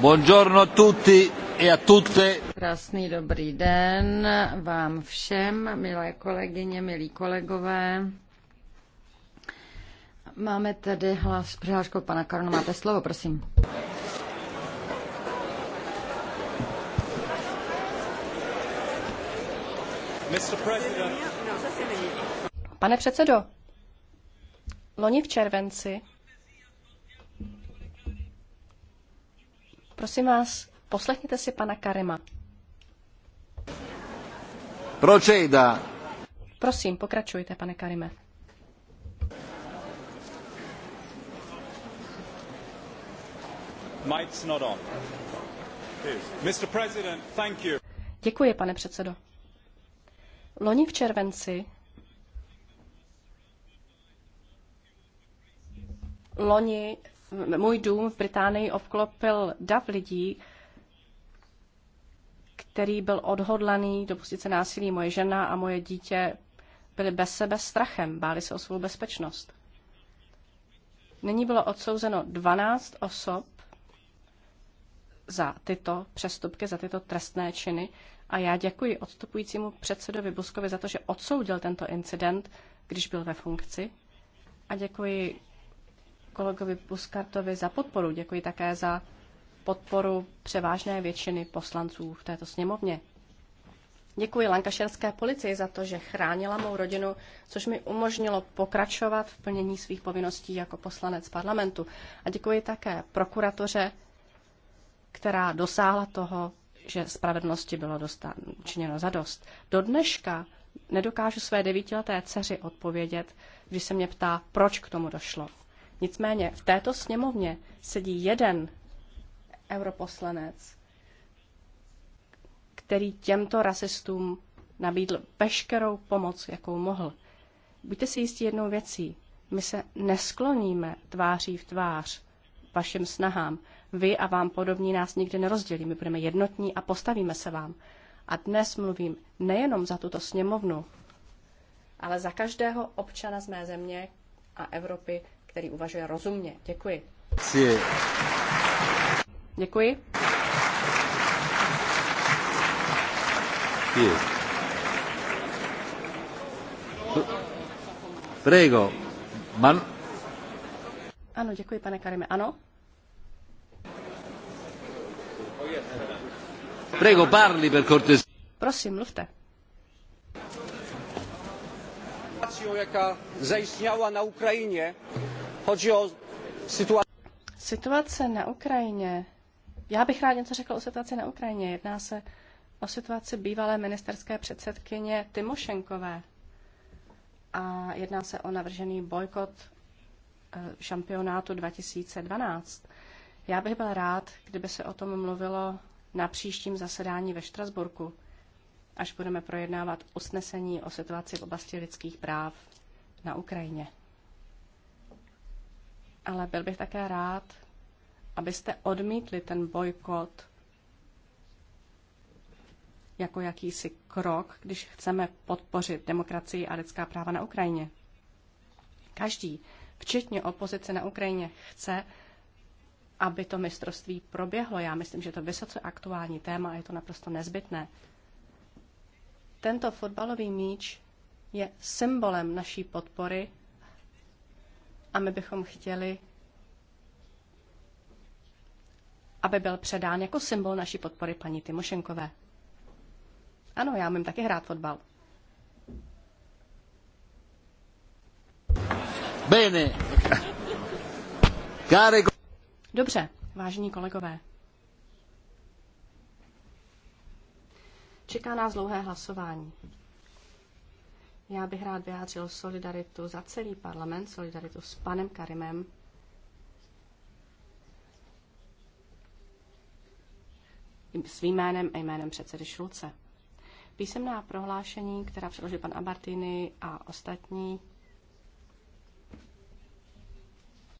Buongiorno tutti e a tutte. Krásný dobrý den vám všem, milé kolegyně, milí kolegové. Máme tady hlas přihlášku pana Karno. Máte slovo, prosím. Pane předsedo, loni v červenci Prosím vás, poslechněte si pana Karema. Proceda. Prosím, pokračujte, pane Karime. Mike's not on. Mr. President, thank you. Děkuji, pane předsedo. Loni v červenci loni můj dům v Británii obklopil dav lidí, který byl odhodlaný dopustit se násilí. Moje žena a moje dítě byli bez sebe strachem, báli se o svou bezpečnost. Nyní bylo odsouzeno 12 osob za tyto přestupky, za tyto trestné činy a já děkuji odstupujícímu předsedovi Buskovi za to, že odsoudil tento incident, když byl ve funkci a děkuji kolegovi Puskartovi za podporu. Děkuji také za podporu převážné většiny poslanců v této sněmovně. Děkuji Lankašerské policii za to, že chránila mou rodinu, což mi umožnilo pokračovat v plnění svých povinností jako poslanec parlamentu. A děkuji také prokuratoře, která dosáhla toho, že spravedlnosti bylo činěno za dost. Do dneška nedokážu své devítileté dceři odpovědět, když se mě ptá, proč k tomu došlo. Nicméně v této sněmovně sedí jeden europoslanec, který těmto rasistům nabídl veškerou pomoc, jakou mohl. Buďte si jistí jednou věcí. My se neskloníme tváří v tvář vašim snahám. Vy a vám podobní nás nikdy nerozdělí. My budeme jednotní a postavíme se vám. A dnes mluvím nejenom za tuto sněmovnu, ale za každého občana z mé země a Evropy, který uvažuje rozumně. Děkuji. Děkuji. Prego. Man... Ano, děkuji, pane Karime. Ano? Prego, parli per cortes... Prosím, mluvte. jaká zaistniała na Ukrajině. Chodzi o situaci... Situace na Ukrajině. Já bych rád něco řekl o situaci na Ukrajině. Jedná se o situaci bývalé ministerské předsedkyně Timošenkové. A jedná se o navržený bojkot eh, šampionátu 2012. Já bych byl rád, kdyby se o tom mluvilo na příštím zasedání ve Štrasburku, až budeme projednávat usnesení o situaci v oblasti lidských práv na Ukrajině ale byl bych také rád, abyste odmítli ten bojkot jako jakýsi krok, když chceme podpořit demokracii a lidská práva na Ukrajině. Každý, včetně opozice na Ukrajině, chce, aby to mistrovství proběhlo. Já myslím, že to je vysoce aktuální téma a je to naprosto nezbytné. Tento fotbalový míč je symbolem naší podpory a my bychom chtěli, aby byl předán jako symbol naší podpory paní Timošenkové. Ano, já umím taky hrát fotbal. Bene. Dobře, vážení kolegové. Čeká nás dlouhé hlasování. Já bych rád vyjádřil solidaritu za celý parlament, solidaritu s panem Karimem. Svým jménem a jménem předsedy Šulce. Písemná prohlášení, která přeložil pan Abartini a ostatní,